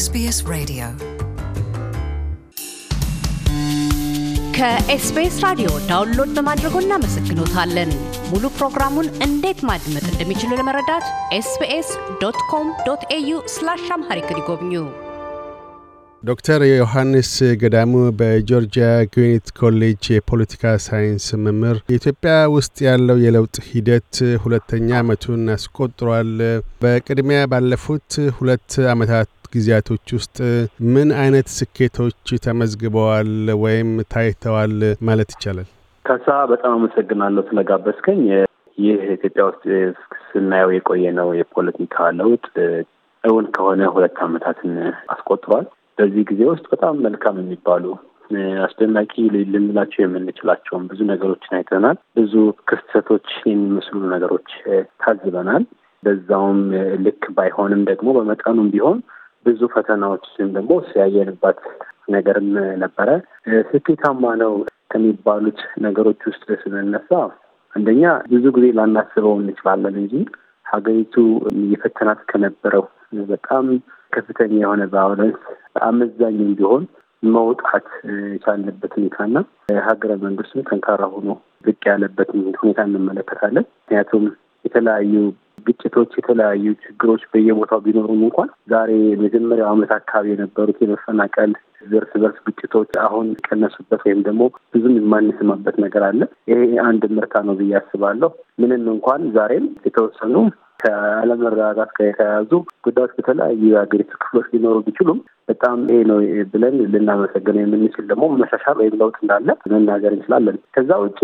ኤስቢኤስ Radio. ከኤስቢኤስ ራዲዮ ዳውንሎድ በማድረጎ እናመሰግኖታለን። ሙሉ ፕሮግራሙን እንዴት ማድመጥ እንደሚችሉ ለመረዳት ኤስቢኤስ ዶት ኮም ዶት ኤዩ ስላሽ አምሃሪክ ይጎብኙ። ዶክተር ዮሐንስ ገዳሙ በጆርጂያ ግዊኒት ኮሌጅ የፖለቲካ ሳይንስ መምህር፣ ኢትዮጵያ ውስጥ ያለው የለውጥ ሂደት ሁለተኛ ዓመቱን አስቆጥሯል። በቅድሚያ ባለፉት ሁለት ዓመታት ጊዜያቶች ውስጥ ምን አይነት ስኬቶች ተመዝግበዋል ወይም ታይተዋል ማለት ይቻላል? ከሳ በጣም አመሰግናለሁ ስለጋበዝከኝ። ይህ ኢትዮጵያ ውስጥ ስናየው የቆየ ነው የፖለቲካ ለውጥ እውን ከሆነ ሁለት ዓመታትን አስቆጥሯል። በዚህ ጊዜ ውስጥ በጣም መልካም የሚባሉ አስደናቂ ልንላቸው የምንችላቸውን ብዙ ነገሮችን አይተናል። ብዙ ክስተቶች የሚመስሉ ነገሮች ታዝበናል። በዛውም ልክ ባይሆንም ደግሞ በመጠኑም ቢሆን ብዙ ፈተናዎችን ደግሞ ሲያየንባት ነገርም ነበረ። ስኬታማ ነው ከሚባሉት ነገሮች ውስጥ ስንነሳ አንደኛ ብዙ ጊዜ ላናስበው እንችላለን እንጂ ሀገሪቱ እየፈተናት ከነበረው በጣም ከፍተኛ የሆነ ቫዮለንስ አመዛኝ እንዲሆን መውጣት የቻለበት ሁኔታና ሀገረ መንግስቱ ጠንካራ ሆኖ ብቅ ያለበት ሁኔታ እንመለከታለን። ምክንያቱም የተለያዩ ግጭቶች፣ የተለያዩ ችግሮች በየቦታው ቢኖሩም እንኳን ዛሬ መጀመሪያው ዓመት አካባቢ የነበሩት የመፈናቀል እርስ በርስ ግጭቶች አሁን ቀነሱበት ወይም ደግሞ ብዙም የማንስማበት ነገር አለ። ይሄ አንድ ምርታ ነው ብዬ አስባለሁ። ምንም እንኳን ዛሬም የተወሰኑ ከአለመረጋጋት ጋር የተያያዙ ጉዳዮች በተለያዩ የሀገሪቱ ክፍሎች ሊኖሩ ቢችሉም በጣም ይሄ ነው ብለን ልናመሰግነው የምንችል ደግሞ መሻሻል ወይም ለውጥ እንዳለ መናገር እንችላለን። ከዛ ውጪ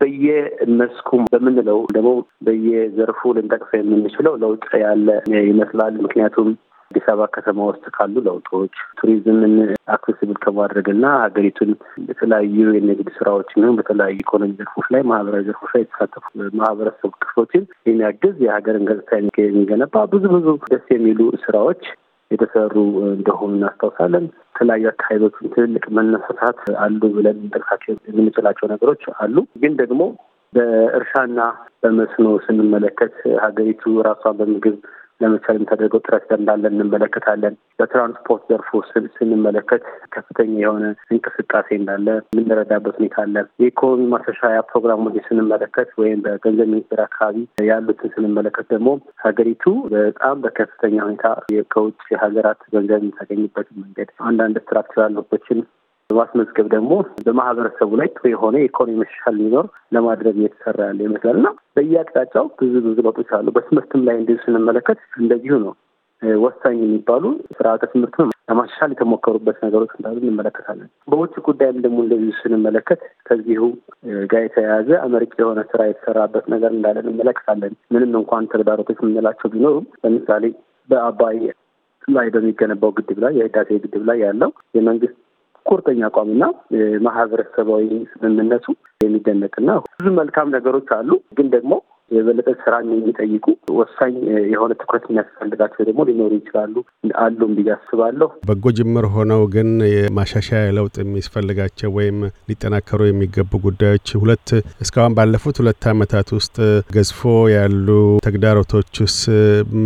በየመስኩ በምንለው ደግሞ በየዘርፉ ልንጠቅሰ የምንችለው ለውጥ ያለ ይመስላል። ምክንያቱም አዲስ አበባ ከተማ ውስጥ ካሉ ለውጦች ቱሪዝምን አክሴስብል ከማድረግ እና ሀገሪቱን በተለያዩ የንግድ ስራዎች እንዲሁም በተለያዩ ኢኮኖሚ ዘርፎች ላይ ማህበራዊ ዘርፎች ላይ የተሳተፉ ማህበረሰብ ክፍሎችን የሚያግዝ የሀገርን ገጽታ የሚገነባ ብዙ ብዙ ደስ የሚሉ ስራዎች የተሰሩ እንደሆኑ እናስታውሳለን። የተለያዩ አካሄዶችን ትልልቅ መነሳሳት አሉ ብለን ጠቅሳቸው የምንችላቸው ነገሮች አሉ። ግን ደግሞ በእርሻና በመስኖ ስንመለከት ሀገሪቱ ራሷን በምግብ ለመቻል ተደርገው ጥረት እንዳለ እንመለከታለን። በትራንስፖርት ዘርፎ ስንመለከት ከፍተኛ የሆነ እንቅስቃሴ እንዳለ የምንረዳበት ሁኔታ አለ። የኢኮኖሚ ማሻሻያ ፕሮግራሞች ስንመለከት ወይም በገንዘብ ሚኒስቴር አካባቢ ያሉትን ስንመለከት ደግሞ ሀገሪቱ በጣም በከፍተኛ ሁኔታ ከውጭ ሀገራት ገንዘብ የምታገኝበት መንገድ አንዳንድ ስትራክቸራል ሎኮችን በማስመዝገብ ደግሞ በማህበረሰቡ ላይ ጥሩ የሆነ የኢኮኖሚ መሻሻል እንዲኖር ለማድረግ እየተሰራ ያለ ይመስላል እና በየአቅጣጫው ብዙ ብዙ ለውጦች አሉ። በትምህርትም ላይ እንዲሁ ስንመለከት እንደዚሁ ነው። ወሳኝ የሚባሉ ስርዓተ ትምህርት ለማሻሻል የተሞከሩበት ነገሮች እንዳሉ እንመለከታለን። በውጭ ጉዳይም ደግሞ እንደዚሁ ስንመለከት ከዚሁ ጋር የተያያዘ አመርቂ የሆነ ስራ የተሰራበት ነገር እንዳለ እንመለከታለን። ምንም እንኳን ተግዳሮቶች የምንላቸው ቢኖሩም ለምሳሌ በአባይ ላይ በሚገነባው ግድብ ላይ የህዳሴ ግድብ ላይ ያለው የመንግስት ቁርጠኛ አቋምና ማህበረሰባዊ ስምምነቱ የሚደነቅና ብዙ መልካም ነገሮች አሉ። ግን ደግሞ የበለጠ ስራን የሚጠይቁ ወሳኝ የሆነ ትኩረት የሚያስፈልጋቸው ደግሞ ሊኖሩ ይችላሉ አሉም ብዬ አስባለሁ። በጎ ጅምር ሆነው ግን የማሻሻያ ለውጥ የሚያስፈልጋቸው ወይም ሊጠናከሩ የሚገቡ ጉዳዮች ሁለት እስካሁን ባለፉት ሁለት ዓመታት ውስጥ ገዝፎ ያሉ ተግዳሮቶችስ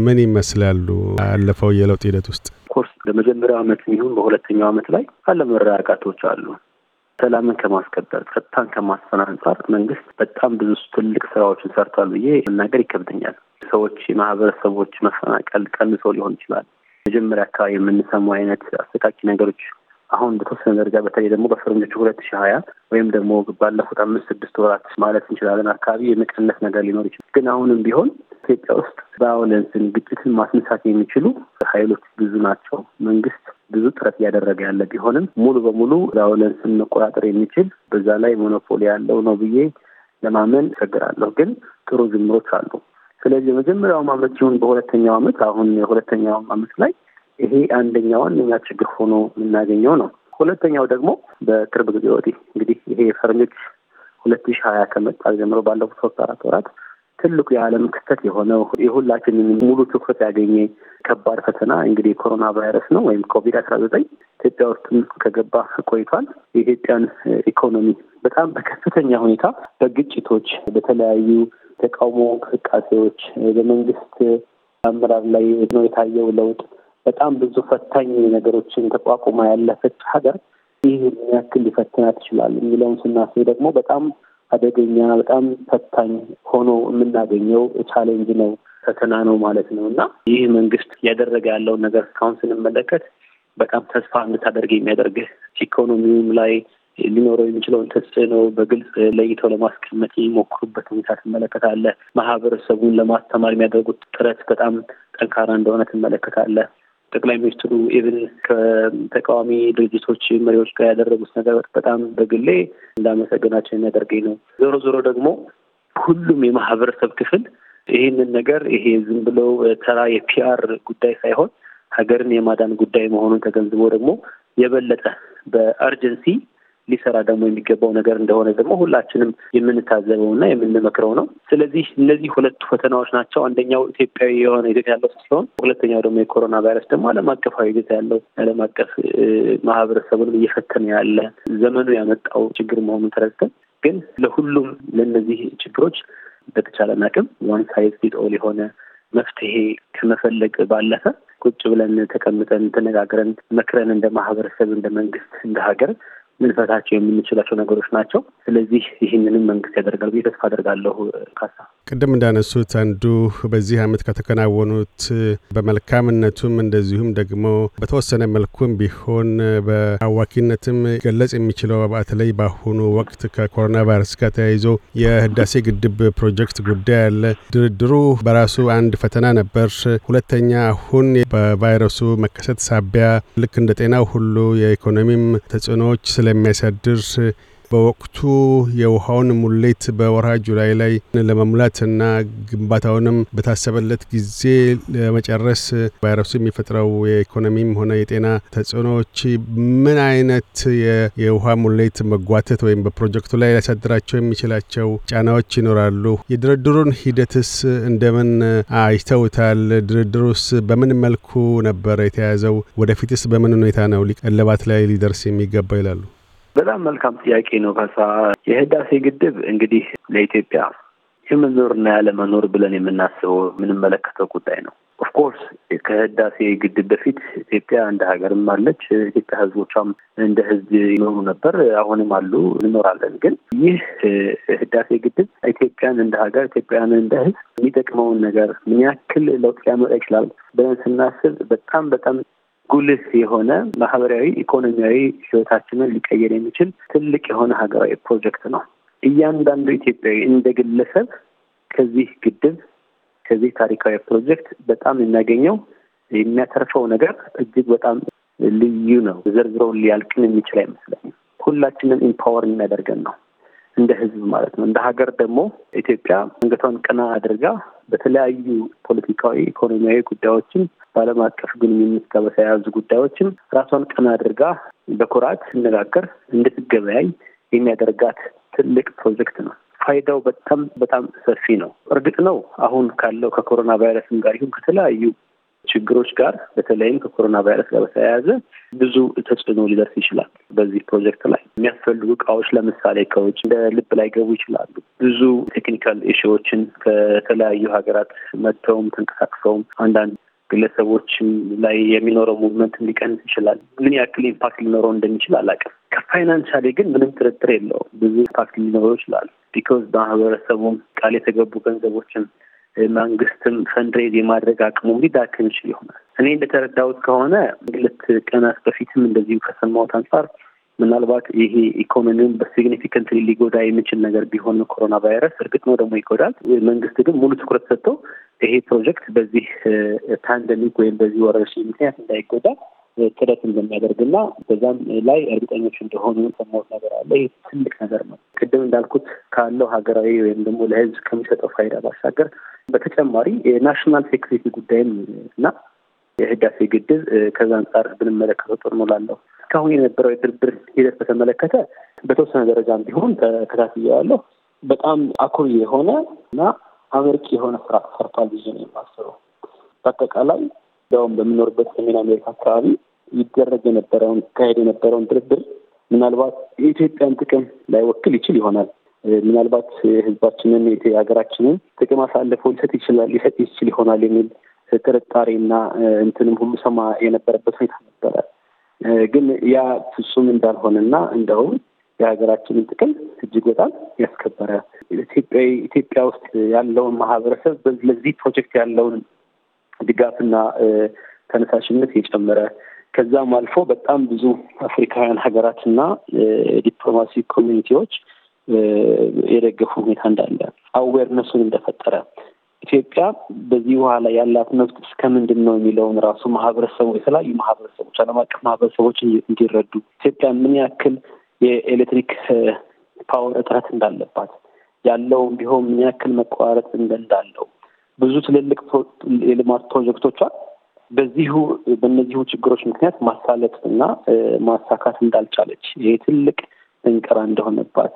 ምን ይመስላሉ? አለፈው የለውጥ ሂደት ውስጥ ኦፍኮርስ በመጀመሪያው ዓመት ይሁን በሁለተኛው ዓመት ላይ አለመረጋጋቶች አሉ። ሰላምን ከማስከበር ጸጥታን ከማስፈን አንጻር መንግስት በጣም ብዙ ትልቅ ስራዎችን ሰርቷል ብዬ መናገር ይከብደኛል። ሰዎች የማህበረሰቦች መፈናቀል ቀንሶ ሊሆን ይችላል። መጀመሪያ አካባቢ የምንሰማው አይነት አሰቃቂ ነገሮች አሁን በተወሰነ ደረጃ በተለይ ደግሞ በፈረንጆቹ ሁለት ሺ ሀያ ወይም ደግሞ ባለፉት አምስት ስድስት ወራት ማለት እንችላለን አካባቢ የመቀነስ ነገር ሊኖር ይችላል። ግን አሁንም ቢሆን ኢትዮጵያ ውስጥ ቫዮለንስን፣ ግጭትን ማስነሳት የሚችሉ ኃይሎች ብዙ ናቸው። መንግስት ብዙ ጥረት እያደረገ ያለ ቢሆንም ሙሉ በሙሉ ቫዮለንስን መቆጣጠር የሚችል በዛ ላይ ሞኖፖሊ ያለው ነው ብዬ ለማመን እቸግራለሁ። ግን ጥሩ ጅምሮች አሉ። ስለዚህ የመጀመሪያው ዓመት ሲሆን በሁለተኛው አመት አሁን የሁለተኛው ዓመት ላይ ይሄ አንደኛው ዋነኛ ችግር ሆኖ የምናገኘው ነው። ሁለተኛው ደግሞ በቅርብ ጊዜ ወዲህ እንግዲህ ይሄ ፈረንጆች ሁለት ሺህ ሀያ ከመጣ ጀምሮ ባለፉት ሶስት አራት ወራት ትልቁ የዓለም ክስተት የሆነው የሁላችንም ሙሉ ትኩረት ያገኘ ከባድ ፈተና እንግዲህ የኮሮና ቫይረስ ነው ወይም ኮቪድ አስራ ዘጠኝ ኢትዮጵያ ውስጥም ከገባ ቆይቷል። የኢትዮጵያን ኢኮኖሚ በጣም በከፍተኛ ሁኔታ በግጭቶች፣ በተለያዩ ተቃውሞ እንቅስቃሴዎች፣ በመንግስት አመራር ላይ ነው የታየው ለውጥ በጣም ብዙ ፈታኝ ነገሮችን ተቋቁማ ያለፈች ሀገር ይህ ያክል ሊፈትና ትችላል የሚለውን ስናስብ ደግሞ በጣም አደገኛ በጣም ፈታኝ ሆኖ የምናገኘው ቻሌንጅ ነው፣ ፈተና ነው ማለት ነው እና ይህ መንግስት እያደረገ ያለውን ነገር እስካሁን ስንመለከት በጣም ተስፋ እንድታደርግ የሚያደርግህ ኢኮኖሚውም ላይ ሊኖረው የሚችለውን ተጽዕኖ በግልጽ ለይተው ለማስቀመጥ የሚሞክሩበት ሁኔታ ትመለከታለህ። ማህበረሰቡን ለማስተማር የሚያደርጉት ጥረት በጣም ጠንካራ እንደሆነ ትመለከታለህ። ጠቅላይ ሚኒስትሩ ኢቭን ከተቃዋሚ ድርጅቶች መሪዎች ጋር ያደረጉት ነገር በጣም በግሌ እንዳመሰገናቸው የሚያደርገኝ ነው። ዞሮ ዞሮ ደግሞ ሁሉም የማህበረሰብ ክፍል ይህንን ነገር ይሄ ዝም ብለው ተራ የፒአር ጉዳይ ሳይሆን ሀገርን የማዳን ጉዳይ መሆኑን ተገንዝቦ ደግሞ የበለጠ በአርጀንሲ ሊሰራ ደግሞ የሚገባው ነገር እንደሆነ ደግሞ ሁላችንም የምንታዘበው እና የምንመክረው ነው። ስለዚህ እነዚህ ሁለቱ ፈተናዎች ናቸው። አንደኛው ኢትዮጵያዊ የሆነ ይዘት ያለው ሲሆን፣ ሁለተኛው ደግሞ የኮሮና ቫይረስ ደግሞ ዓለም አቀፋዊ ይዘት ያለው ዓለም አቀፍ ማህበረሰቡንም እየፈተነ ያለ ዘመኑ ያመጣው ችግር መሆኑን ተረድተን ግን ለሁሉም ለእነዚህ ችግሮች በተቻለን አቅም ዋን ሳይዝ ፊትስ ኦል የሆነ መፍትሄ ከመፈለግ ባለፈ ቁጭ ብለን ተቀምጠን ተነጋግረን መክረን እንደ ማህበረሰብ፣ እንደ መንግስት፣ እንደ ሀገር ልንፈታቸው የምንችላቸው ነገሮች ናቸው። ስለዚህ ይህንንም መንግስት ያደርጋል ብዬ ተስፋ አደርጋለሁ። ካሳ ቅድም እንዳነሱት አንዱ በዚህ ዓመት ከተከናወኑት በመልካምነቱም እንደዚሁም ደግሞ በተወሰነ መልኩም ቢሆን በአዋኪነትም ገለጽ የሚችለው በተለይ በአሁኑ ወቅት ከኮሮና ቫይረስ ጋር ተያይዞ የህዳሴ ግድብ ፕሮጀክት ጉዳይ አለ። ድርድሩ በራሱ አንድ ፈተና ነበር። ሁለተኛ አሁን በቫይረሱ መከሰት ሳቢያ ልክ እንደ ጤናው ሁሉ የኢኮኖሚም ተጽዕኖዎች ስለሚያሳድር በወቅቱ የውሃውን ሙሌት በወርሃ ጁላይ ላይ ለመሙላት ግንባታውንም በታሰበለት ጊዜ ለመጨረስ ቫይረሱ የሚፈጥረው የኢኮኖሚም ሆነ የጤና ተጽዕኖዎች ምን አይነት የውሃ ሙሌት መጓተት ወይም በፕሮጀክቱ ላይ ሊያሳድራቸው የሚችላቸው ጫናዎች ይኖራሉ? የድርድሩን ሂደትስ እንደምን አይተውታል? ድርድሩስ በምን መልኩ ነበር የተያዘው? ወደፊትስ በምን ሁኔታ ነው እልባት ላይ ሊደርስ የሚገባ ይላሉ? በጣም መልካም ጥያቄ ነው ካሳ። የህዳሴ ግድብ እንግዲህ ለኢትዮጵያ የመኖርና ያለመኖር ብለን የምናስበው የምንመለከተው ጉዳይ ነው። ኦፍኮርስ ከህዳሴ ግድብ በፊት ኢትዮጵያ እንደ ሀገርም አለች። ኢትዮጵያ ህዝቦቿም እንደ ህዝብ ይኖሩ ነበር፣ አሁንም አሉ፣ እንኖራለን። ግን ይህ ህዳሴ ግድብ ኢትዮጵያን እንደ ሀገር፣ ኢትዮጵያን እንደ ህዝብ የሚጠቅመውን ነገር ምን ያክል ለውጥ ሊያመጣ ይችላል ብለን ስናስብ በጣም በጣም ጉልህ የሆነ ማህበራዊ፣ ኢኮኖሚያዊ ህይወታችንን ሊቀየር የሚችል ትልቅ የሆነ ሀገራዊ ፕሮጀክት ነው። እያንዳንዱ ኢትዮጵያዊ እንደ ግለሰብ ከዚህ ግድብ ከዚህ ታሪካዊ ፕሮጀክት በጣም የሚያገኘው የሚያተርፈው ነገር እጅግ በጣም ልዩ ነው። ዘርዝሮ ሊያልቅን የሚችል አይመስለኝም። ሁላችንም ኢምፓወር የሚያደርገን ነው እንደ ህዝብ ማለት ነው። እንደ ሀገር ደግሞ ኢትዮጵያ አንገቷን ቀና አድርጋ በተለያዩ ፖለቲካዊ፣ ኢኮኖሚያዊ ጉዳዮችን በዓለም አቀፍ ግንኙነት ጋር በተያያዙ ጉዳዮችም ራሷን ቀና አድርጋ በኩራት ስነጋገር እንድትገበያይ የሚያደርጋት ትልቅ ፕሮጀክት ነው። ፋይዳው በጣም በጣም ሰፊ ነው። እርግጥ ነው አሁን ካለው ከኮሮና ቫይረስም ጋር ይሁን ከተለያዩ ችግሮች ጋር በተለይም ከኮሮና ቫይረስ ጋር በተያያዘ ብዙ ተጽዕኖ ሊደርስ ይችላል። በዚህ ፕሮጀክት ላይ የሚያስፈልጉ እቃዎች ለምሳሌ ከውጭ እንደ ልብ ገቡ ይችላሉ። ብዙ ቴክኒካል ኢሽዎችን ከተለያዩ ሀገራት መጥተውም ተንቀሳቅሰውም አንዳንድ ግለሰቦችም ላይ የሚኖረው ሙቭመንት ሊቀንስ ይችላል። ምን ያክል ኢምፓክት ሊኖረው እንደሚችል አላውቅም። ከፋይናንሻሊ ግን ምንም ጥርጥር የለውም ብዙ ኢምፓክት ሊኖረው ይችላል። ቢኮዝ ማህበረሰቡም ቃል የተገቡ ገንዘቦችም መንግስትም ፈንድሬዝ የማድረግ አቅሙ ሊዳክም ይችል ይሆናል። እኔ እንደተረዳሁት ከሆነ ሁለት ቀናት በፊትም እንደዚሁ ከሰማሁት አንጻር ምናልባት ይሄ ኢኮኖሚውን በሲግኒፊካንት ሊጎዳ የሚችል ነገር ቢሆንም ኮሮና ቫይረስ እርግጥ ነው ደግሞ ይጎዳል። መንግስት ግን ሙሉ ትኩረት ሰጥቶ ይሄ ፕሮጀክት በዚህ ፓንደሚክ ወይም በዚህ ወረርሽኝ ምክንያት እንዳይጎዳ ጥረት እንደሚያደርግና በዛም ላይ እርግጠኞች እንደሆኑ ሰማሁት ነገር አለ። ይህ ትልቅ ነገር ነው። ቅድም እንዳልኩት ካለው ሀገራዊ ወይም ደግሞ ለሕዝብ ከሚሰጠው ፋይዳ ባሻገር በተጨማሪ የናሽናል ሴኩሪቲ ጉዳይም እና የህዳሴ ግድብ ከዛ አንጻር ብንመለከተው ጥሩ ነው ላለው እስካሁን የነበረው የድርድር ሂደት በተመለከተ በተወሰነ ደረጃ ቢሆን ተከታትያለሁ። በጣም አኩሪ የሆነ እና አመርቂ የሆነ ስራ ተሰርቷል ብዬ ነው የማስበው። በአጠቃላይ ያውም በምኖርበት ሰሜን አሜሪካ አካባቢ ይደረግ የነበረውን ካሄድ የነበረውን ድርድር ምናልባት የኢትዮጵያን ጥቅም ላይወክል ይችል ይሆናል። ምናልባት ህዝባችንን የሀገራችንን ጥቅም አሳልፎ ሊሰጥ ይችላል ሊሰጥ ይችል ይሆናል የሚል ጥርጣሬና እንትንም ሁሉ ሰማ የነበረበት ሁኔታ ነበረ። ግን ያ ፍጹም እንዳልሆነና እንደውም የሀገራችንን ጥቅም እጅግ በጣም ያስከበረ ኢትዮጵያ ውስጥ ያለውን ማህበረሰብ ለዚህ ፕሮጀክት ያለውን ድጋፍና ተነሳሽነት የጨመረ ከዛም አልፎ በጣም ብዙ አፍሪካውያን እና ዲፕሎማሲ ኮሚኒቲዎች የደገፉ ሁኔታ እንዳለ አዌርነሱን እንደፈጠረ ኢትዮጵያ በዚህ ውሃ ላይ ያላት መብት እስከ ምንድን ነው የሚለውን ራሱ ማህበረሰቡ የተለያዩ ማህበረሰቦች አለም አቀፍ ማህበረሰቦች እንዲረዱ ኢትዮጵያ ምን ያክል የኤሌክትሪክ ፓወር እጥረት እንዳለባት ያለው ቢሆን ምን ያክል መቋረጥ እንዳለው ብዙ ትልልቅ የልማት ፕሮጀክቶቿን በዚሁ በእነዚሁ ችግሮች ምክንያት ማሳለጥ እና ማሳካት እንዳልቻለች ይሄ ትልቅ እንቅራ እንደሆነባት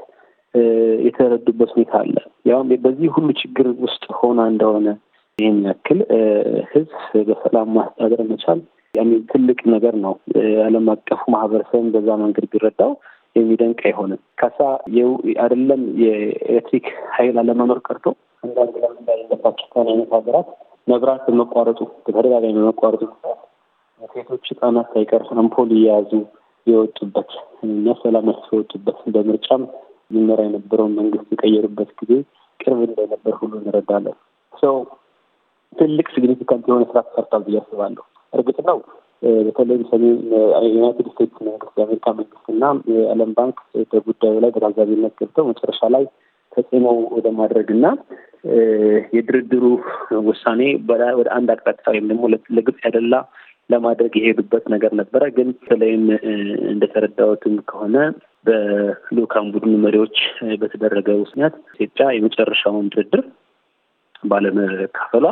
የተረዱበት ሁኔታ አለ። ያውም በዚህ ሁሉ ችግር ውስጥ ሆና እንደሆነ ይህን ያክል ህዝብ በሰላም ማስተዳደር መቻል ትልቅ ነገር ነው። ዓለም አቀፉ ማህበረሰብን በዛ መንገድ ቢረዳው የሚደንቅ አይሆንም። ከሳ አይደለም የኤሌክትሪክ ኃይል አለመኖር ቀርቶ አንዳንድ ለምሳሌ ፓኪስታን አይነት ሀገራት መብራት በመቋረጡ በተደጋጋሚ በመቋረጡ ሴቶች፣ ህጻናት ሳይቀር አምፖል እየያዙ የወጡበት እና ሰላም ሰልፍ የወጡበት በምርጫም ሊመራ የነበረውን መንግስት የቀየሩበት ጊዜ ቅርብ እንደነበር ሁሉ እንረዳለን። ሰው ትልቅ ሲግኒፊካንት የሆነ ስራ ተሰርቷል ብዬ አስባለሁ። እርግጥ ነው በተለይ ዩናይትድ ስቴትስ መንግስት የአሜሪካ መንግስትና የዓለም ባንክ በጉዳዩ ላይ በታዛቢነት ገብተው መጨረሻ ላይ ተጽዕኖ ወደ እና የድርድሩ ውሳኔ ወደ አንድ አቅጣጫ ወይም ደግሞ ለግብጽ ያደላ ለማድረግ የሄዱበት ነገር ነበረ። ግን በተለይም እንደተረዳሁትም ከሆነ በልኡካን ቡድን መሪዎች በተደረገ ምክንያት ኢትዮጵያ የመጨረሻውን ድርድር ባለመካፈሏ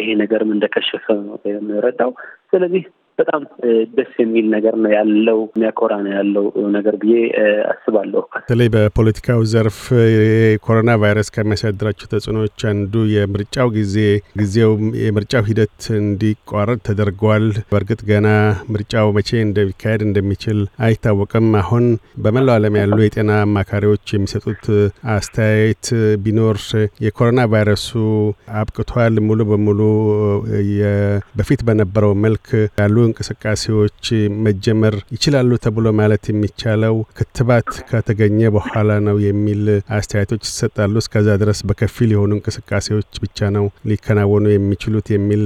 ይሄ ነገርም እንደከሸፈ ነው ስለዚህ በጣም ደስ የሚል ነገር ነው ያለው፣ የሚያኮራ ነው ያለው ነገር ብዬ አስባለሁ። በተለይ በፖለቲካው ዘርፍ የኮሮና ቫይረስ ከሚያሳድራቸው ተጽዕኖዎች አንዱ የምርጫው ጊዜ ጊዜው የምርጫው ሂደት እንዲቋረጥ ተደርጓል። በእርግጥ ገና ምርጫው መቼ እንደሚካሄድ እንደሚችል አይታወቅም። አሁን በመላው ዓለም ያሉ የጤና አማካሪዎች የሚሰጡት አስተያየት ቢኖር የኮሮና ቫይረሱ አብቅቷል፣ ሙሉ በሙሉ በፊት በነበረው መልክ ያሉ እንቅስቃሴዎች መጀመር ይችላሉ ተብሎ ማለት የሚቻለው ክትባት ከተገኘ በኋላ ነው የሚል አስተያየቶች ይሰጣሉ። እስከዛ ድረስ በከፊል የሆኑ እንቅስቃሴዎች ብቻ ነው ሊከናወኑ የሚችሉት የሚል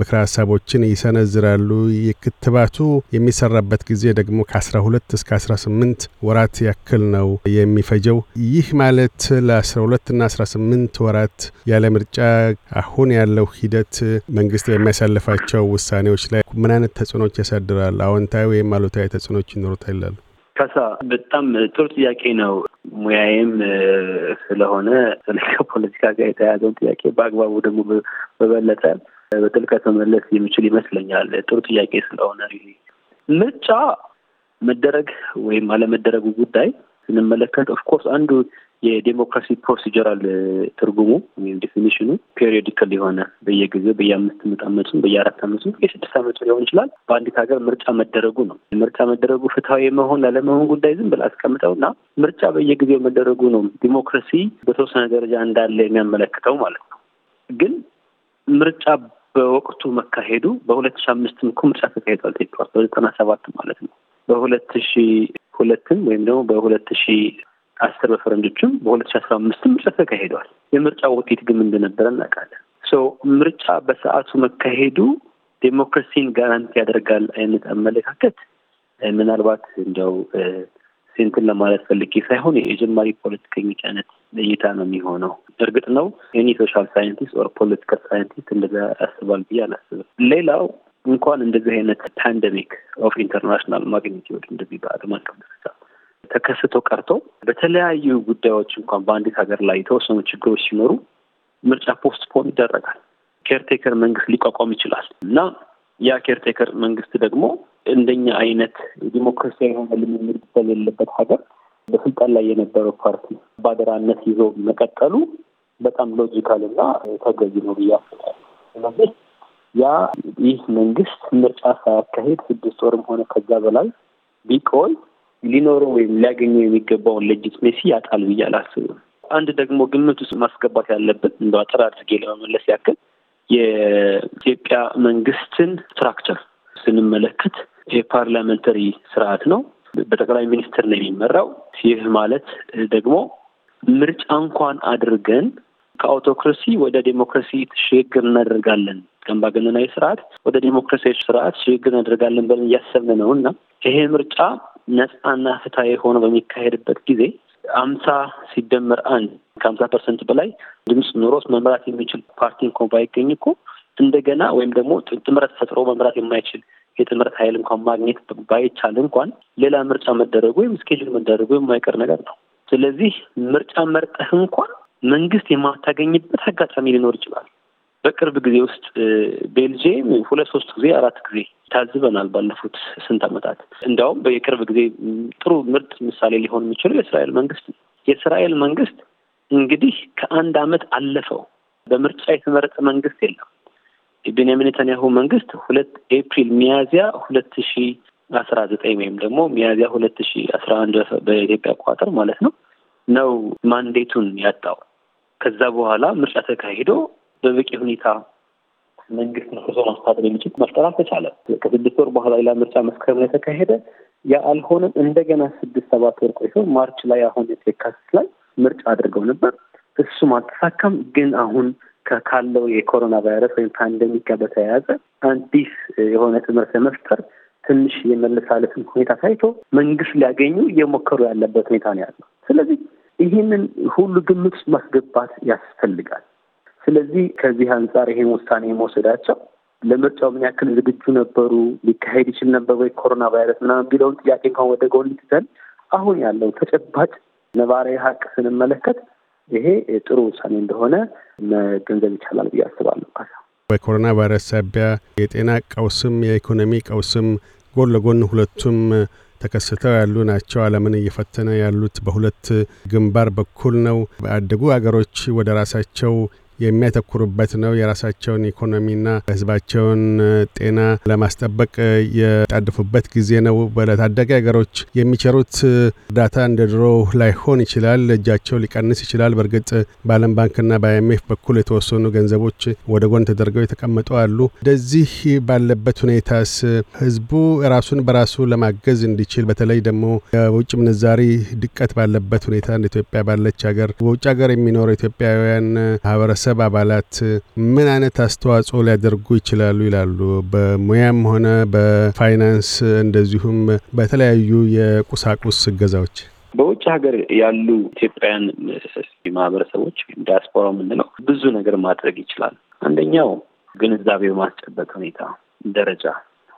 ምክረ ሀሳቦችን ይሰነዝራሉ። የክትባቱ የሚሰራበት ጊዜ ደግሞ ከ12 እስከ 18 ወራት ያክል ነው የሚፈጀው። ይህ ማለት ለ12 እና 18 ወራት ያለ ምርጫ አሁን ያለው ሂደት መንግስት በሚያሳልፋቸው ውሳኔዎች ላይ ምን አይነት ተጽዕኖች ያሳድራል? አዎንታዊ ወይም አሉታዊ ተጽዕኖች ይኖሩታል ይላሉ። ከሳ በጣም ጥሩ ጥያቄ ነው። ሙያዬም ስለሆነ ከፖለቲካ ጋር የተያያዘውን ጥያቄ በአግባቡ ደግሞ በበለጠ በጥልቀት መመለስ የሚችል ይመስለኛል። ጥሩ ጥያቄ ስለሆነ ምርጫ መደረግ ወይም አለመደረጉ ጉዳይ ስንመለከት ኦፍኮርስ አንዱ የዴሞክራሲ ፕሮሲጀራል ትርጉሙ ወይም ዴፊኒሽኑ ፔሪዮዲካል የሆነ በየጊዜው በየአምስት ምት አመቱም በየአራት አመቱም የስድስት አመቱ ሊሆን ይችላል በአንዲት ሀገር ምርጫ መደረጉ ነው። ምርጫ መደረጉ ፍትሐዊ መሆን ያለመሆን ጉዳይ ዝም ብላ አስቀምጠው እና ምርጫ በየጊዜው መደረጉ ነው ዲሞክራሲ በተወሰነ ደረጃ እንዳለ የሚያመለክተው ማለት ነው። ግን ምርጫ በወቅቱ መካሄዱ በሁለት ሺ አምስትም እኮ ምርጫ ተካሄዷል ኢትዮጵያ ውስጥ በዘጠና ሰባት ማለት ነው። በሁለት ሺ ሁለትም ወይም ደግሞ በሁለት ሺ አስር በፈረንጆችም በሁለት ሺ አስራ አምስትም ምርጫ ተካሂደዋል። የምርጫ ውጤት ግን እንደነበረ እናውቃለን። ምርጫ በሰዓቱ መካሄዱ ዴሞክራሲን ጋራንቲ ያደርጋል አይነት አመለካከት ምናልባት እንዲያው ሴንትን ለማለት ፈልጌ ሳይሆን የጀማሪ ፖለቲከኞች አይነት እይታ ነው የሚሆነው። እርግጥ ነው ኒ ሶሻል ሳይንቲስት ኦር ፖለቲካል ሳይንቲስት እንደዛ ያስባል ብዬ አላስብም። ሌላው እንኳን እንደዚህ አይነት ፓንደሚክ ኦፍ ኢንተርናሽናል ማግኒቲዩድ እንደዚህ በዓለም አቀፍ ደረጃ ተከስቶ ቀርቶ በተለያዩ ጉዳዮች እንኳን በአንዲት ሀገር ላይ የተወሰኑ ችግሮች ሲኖሩ ምርጫ ፖስትፖን ይደረጋል። ኬርቴከር መንግስት ሊቋቋም ይችላል እና ያ ኬርቴከር መንግስት ደግሞ እንደኛ አይነት ዲሞክራሲያዊ የሆነ ልምምድ በሌለበት ሀገር በስልጣን ላይ የነበረው ፓርቲ ባደራነት ይዞ መቀጠሉ በጣም ሎጂካል እና ተገቢ ነው ብዬ አስባለሁ። ስለዚህ ያ ይህ መንግስት ምርጫ ሳያካሄድ ስድስት ወርም ሆነ ከዛ በላይ ቢቆይ ሊኖረው ወይም ሊያገኘው የሚገባውን ሌጂትሜሲ ያጣል ብዬ አላስብም። አንድ ደግሞ ግምት ውስጥ ማስገባት ያለብን እንደ አጠር አድርጌ ለመመለስ ያክል የኢትዮጵያ መንግስትን ስትራክቸር ስንመለከት የፓርላመንተሪ ስርዓት ነው። በጠቅላይ ሚኒስትር ነው የሚመራው። ይህ ማለት ደግሞ ምርጫ እንኳን አድርገን ከአውቶክራሲ ወደ ዴሞክራሲ ሽግግር እናደርጋለን፣ ከአምባገነናዊ ስርዓት ወደ ዴሞክራሲያዊ ስርዓት ሽግግር እናደርጋለን ብለን እያሰብን ነው እና ይሄ ምርጫ ነጻና ፍትሀዊ ሆኖ በሚካሄድበት ጊዜ አምሳ ሲደመር አንድ ከአምሳ ፐርሰንት በላይ ድምፅ ኖሮት መምራት የሚችል ፓርቲ እንኳን ባይገኝ እኮ እንደገና ወይም ደግሞ ጥምረት ፈጥሮ መምራት የማይችል የጥምረት ኃይል እንኳን ማግኘት ባይቻል እንኳን ሌላ ምርጫ መደረጉ ወይም ስኬጁል መደረጉ የማይቀር ነገር ነው። ስለዚህ ምርጫ መርጠህ እንኳን መንግስት የማታገኝበት አጋጣሚ ሊኖር ይችላል። በቅርብ ጊዜ ውስጥ ቤልጅየም ሁለት ሶስት ጊዜ አራት ጊዜ ታዝበናል ባለፉት ስንት ዓመታት። እንዲያውም በየቅርብ ጊዜ ጥሩ ምርጥ ምሳሌ ሊሆን የሚችለው የእስራኤል መንግስት ነው። የእስራኤል መንግስት እንግዲህ ከአንድ ዓመት አለፈው። በምርጫ የተመረጠ መንግስት የለም። የቤንያሚን ኔታንያሁ መንግስት ሁለት ኤፕሪል ሚያዚያ ሁለት ሺ አስራ ዘጠኝ ወይም ደግሞ ሚያዚያ ሁለት ሺ አስራ አንድ በኢትዮጵያ አቆጣጠር ማለት ነው ነው ማንዴቱን ያጣው። ከዛ በኋላ ምርጫ ተካሂዶ በበቂ ሁኔታ መንግስት መልሶ ማስተዳደር የሚችል መፍጠር አልተቻለም። ከስድስት ወር በኋላ ሌላ ምርጫ መስከረም ላይ ተካሄደ። ያ አልሆነም። እንደገና ስድስት ሰባት ወር ቆይቶ ማርች ላይ አሁን የካቲት ላይ ምርጫ አድርገው ነበር። እሱም አልተሳካም። ግን አሁን ካለው የኮሮና ቫይረስ ወይም ፓንደሚክ ጋር በተያያዘ አዲስ የሆነ ትምህርት ለመፍጠር ትንሽ የመለሳለትን ሁኔታ ታይቶ መንግስት ሊያገኙ እየሞከሩ ያለበት ሁኔታ ነው ያለው። ስለዚህ ይህንን ሁሉ ግምት ማስገባት ያስፈልጋል። ስለዚህ ከዚህ አንጻር ይሄን ውሳኔ መውሰዳቸው ለምርጫው ምን ያክል ዝግጁ ነበሩ፣ ሊካሄድ ይችል ነበር ወይ ኮሮና ቫይረስ ምና ቢለውን ጥያቄ እንኳን ወደ ጎን ትተን አሁን ያለው ተጨባጭ ነባራዊ ሀቅ ስንመለከት ይሄ ጥሩ ውሳኔ እንደሆነ መገንዘብ ይቻላል ብዬ አስባለሁ። በኮሮና ቫይረስ ሳቢያ የጤና ቀውስም የኢኮኖሚ ቀውስም ጎን ለጎን ሁለቱም ተከስተው ያሉ ናቸው። አለምን እየፈተነ ያሉት በሁለት ግንባር በኩል ነው። በአደጉ አገሮች ወደ ራሳቸው የሚያተኩሩበት ነው። የራሳቸውን ኢኮኖሚና ህዝባቸውን ጤና ለማስጠበቅ የጣድፉበት ጊዜ ነው። በለታደገ ሀገሮች የሚቸሩት እርዳታ እንደ ድሮ ላይሆን ይችላል። እጃቸው ሊቀንስ ይችላል። በእርግጥ በዓለም ባንክና በአይኤምኤፍ በኩል የተወሰኑ ገንዘቦች ወደ ጎን ተደርገው የተቀመጡ አሉ። እንደዚህ ባለበት ሁኔታስ ህዝቡ ራሱን በራሱ ለማገዝ እንዲችል በተለይ ደግሞ የውጭ ምንዛሪ ድቀት ባለበት ሁኔታ እንደ ኢትዮጵያ ባለች ሀገር በውጭ ሀገር የሚኖሩ ኢትዮጵያውያን ማህበረሰብ ቤተሰብ አባላት ምን አይነት አስተዋጽኦ ሊያደርጉ ይችላሉ ይላሉ? በሙያም ሆነ በፋይናንስ እንደዚሁም በተለያዩ የቁሳቁስ እገዛዎች በውጭ ሀገር ያሉ ኢትዮጵያውያን ማህበረሰቦች ዲያስፖራ የምንለው ብዙ ነገር ማድረግ ይችላል። አንደኛው ግንዛቤ በማስጨበጥ ሁኔታ ደረጃ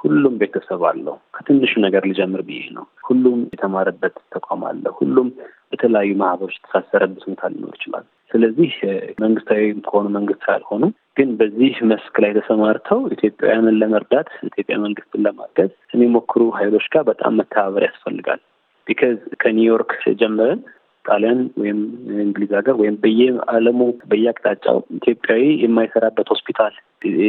ሁሉም ቤተሰብ አለው። ከትንሹ ነገር ልጀምር ብዬ ነው። ሁሉም የተማረበት ተቋም አለ። ሁሉም በተለያዩ ማህበሮች የተሳሰረበት ሁኔታ ሊኖር ይችላል። ስለዚህ መንግስታዊም ከሆኑ መንግስት ሳልሆኑ ግን በዚህ መስክ ላይ ተሰማርተው ኢትዮጵያውያንን ለመርዳት ኢትዮጵያ መንግስትን ለማገዝ የሚሞክሩ ሀይሎች ጋር በጣም መተባበር ያስፈልጋል። ቢካዝ ከኒውዮርክ ጀምረን ጣሊያን ወይም እንግሊዝ ሀገር ወይም በየአለሙ በየአቅጣጫው ኢትዮጵያዊ የማይሰራበት ሆስፒታል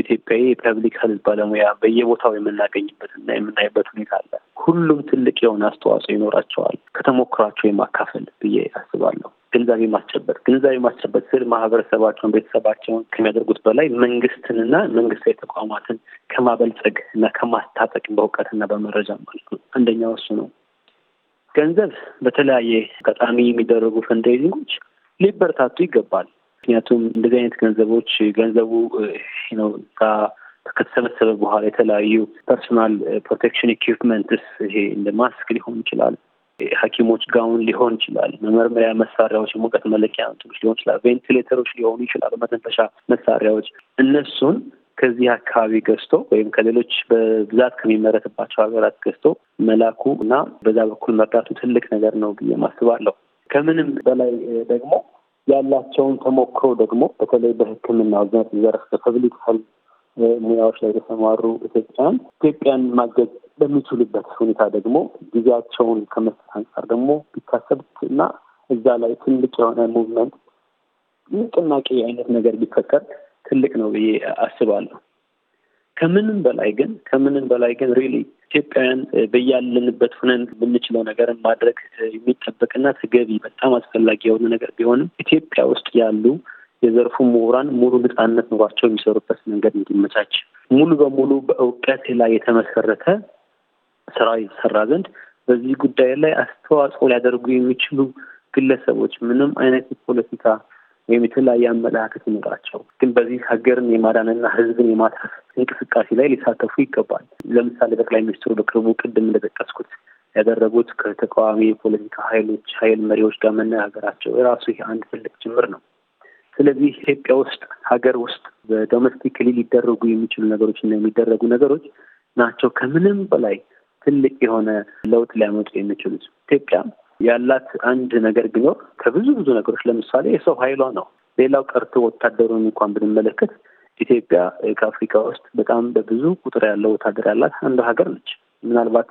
ኢትዮጵያዊ የፐብሊክ ሄልዝ ባለሙያ በየቦታው የምናገኝበት እና የምናይበት ሁኔታ አለ። ሁሉም ትልቅ የሆነ አስተዋጽኦ ይኖራቸዋል ከተሞክሯቸው የማካፈል ብዬ አስባለሁ። ግንዛቤ ማስጨበጥ ግንዛቤ ማስጨበጥ ስል ማህበረሰባቸውን፣ ቤተሰባቸውን ከሚያደርጉት በላይ መንግስትንና መንግስታዊ ተቋማትን ከማበልጸግ እና ከማስታጠቅ በእውቀትና በመረጃ ማለት ነው። አንደኛው እሱ ነው። ገንዘብ በተለያየ አጋጣሚ የሚደረጉ ፈንድሬዚንጎች ሊበረታቱ ይገባል። ምክንያቱም እንደዚህ አይነት ገንዘቦች ገንዘቡ ነው ከተሰበሰበ በኋላ የተለያዩ ፐርሶናል ፕሮቴክሽን ኢኩፕመንትስ ይሄ እንደ ማስክ ሊሆን ይችላል፣ ሐኪሞች ጋውን ሊሆን ይችላል፣ መመርመሪያ መሳሪያዎች፣ ሙቀት መለኪያ እንትኖች ሊሆን ይችላል፣ ቬንቲሌተሮች ሊሆኑ ይችላሉ፣ መተንፈሻ መሳሪያዎች እነሱን ከዚህ አካባቢ ገዝቶ ወይም ከሌሎች በብዛት ከሚመረትባቸው ሀገራት ገዝቶ መላኩ እና በዛ በኩል መርዳቱ ትልቅ ነገር ነው ብዬ ማስባለሁ። ከምንም በላይ ደግሞ ያላቸውን ተሞክሮ ደግሞ በተለይ በሕክምና ዘርፍ ዘርፍ በፐብሊክ ሄልዝ ሙያዎች ላይ የተሰማሩ ኢትዮጵያን ኢትዮጵያን ማገዝ በሚችሉበት ሁኔታ ደግሞ ጊዜያቸውን ከመስጠት አንጻር ደግሞ ቢታሰብ እና እዛ ላይ ትልቅ የሆነ ሙቭመንት ንቅናቄ አይነት ነገር ቢፈቀድ ትልቅ ነው ብዬ አስባለሁ። ከምንም በላይ ግን ከምንም በላይ ግን ሪሊ ኢትዮጵያውያን በያለንበት ሁነን የምንችለው ነገርን ማድረግ የሚጠበቅና ተገቢ በጣም አስፈላጊ የሆነ ነገር ቢሆንም ኢትዮጵያ ውስጥ ያሉ የዘርፉ ምሁራን ሙሉ ነፃነት ኑሯቸው የሚሰሩበት መንገድ እንዲመቻች ሙሉ በሙሉ በእውቀት ላይ የተመሰረተ ስራ ይሰራ ዘንድ በዚህ ጉዳይ ላይ አስተዋጽኦ ሊያደርጉ የሚችሉ ግለሰቦች ምንም አይነት የፖለቲካ ወይም የተለያየ አመለካከት ይኖራቸው ግን በዚህ ሀገርን የማዳንና ህዝብን የማትረፍ እንቅስቃሴ ላይ ሊሳተፉ ይገባል። ለምሳሌ ጠቅላይ ሚኒስትሩ በቅርቡ ቅድም እንደጠቀስኩት ያደረጉት ከተቃዋሚ የፖለቲካ ኃይሎች ኃይል መሪዎች ጋር መነጋገራቸው የራሱ ይህ አንድ ትልቅ ጅምር ነው። ስለዚህ ኢትዮጵያ ውስጥ ሀገር ውስጥ በዶሜስቲክሊ ሊደረጉ የሚችሉ ነገሮች እና የሚደረጉ ነገሮች ናቸው ከምንም በላይ ትልቅ የሆነ ለውጥ ሊያመጡ የሚችሉት ኢትዮጵያ ያላት አንድ ነገር ቢኖር ከብዙ ብዙ ነገሮች ለምሳሌ የሰው ኃይሏ ነው። ሌላው ቀርቶ ወታደሩን እንኳን ብንመለከት ኢትዮጵያ ከአፍሪካ ውስጥ በጣም በብዙ ቁጥር ያለው ወታደር ያላት አንዱ ሀገር ነች። ምናልባት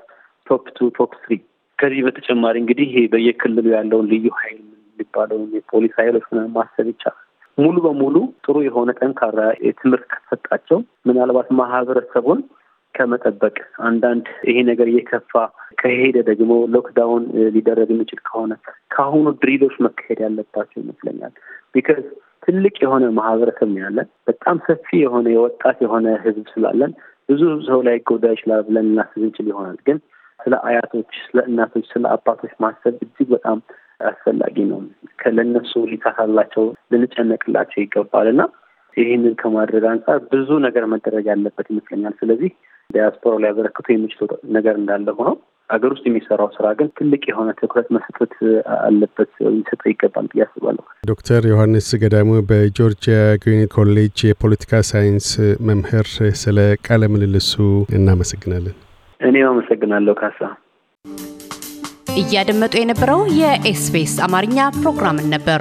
ቶፕ ቱ ቶፕ ስሪ። ከዚህ በተጨማሪ እንግዲህ በየክልሉ ያለውን ልዩ ኃይል የሚባለውን የፖሊስ ኃይሎች ምናምን ማሰብ ይቻላል። ሙሉ በሙሉ ጥሩ የሆነ ጠንካራ ትምህርት ከተሰጣቸው ምናልባት ማህበረሰቡን ከመጠበቅ አንዳንድ ይሄ ነገር እየከፋ ከሄደ ደግሞ ሎክዳውን ሊደረግ የሚችል ከሆነ ከአሁኑ ድሪሎች መካሄድ ያለባቸው ይመስለኛል። ቢካዝ ትልቅ የሆነ ማህበረሰብ ነው ያለን። በጣም ሰፊ የሆነ የወጣት የሆነ ህዝብ ስላለን ብዙ ሰው ላይ ጎዳ ይችላል ብለን እናስብ እንችል ይሆናል። ግን ስለ አያቶች፣ ስለ እናቶች፣ ስለ አባቶች ማሰብ እጅግ በጣም አስፈላጊ ነው። ሁኔታ ካላቸው ልንጨነቅላቸው ይገባል እና ይህንን ከማድረግ አንጻር ብዙ ነገር መደረግ ያለበት ይመስለኛል። ስለዚህ ዲያስፖራው ሊያበረክቱ የሚችሉ ነገር እንዳለ ሆኖ አገር ውስጥ የሚሰራው ስራ ግን ትልቅ የሆነ ትኩረት መስጠት አለበት፣ ሊሰጠው ይገባል ብዬ አስባለሁ። ዶክተር ዮሐንስ ገዳሙ በጆርጂያ ግዊን ኮሌጅ የፖለቲካ ሳይንስ መምህር፣ ስለ ቃለ ምልልሱ እናመሰግናለን። እኔም አመሰግናለሁ ካሳ። እያደመጡ የነበረው የኤስቢኤስ አማርኛ ፕሮግራምን ነበር።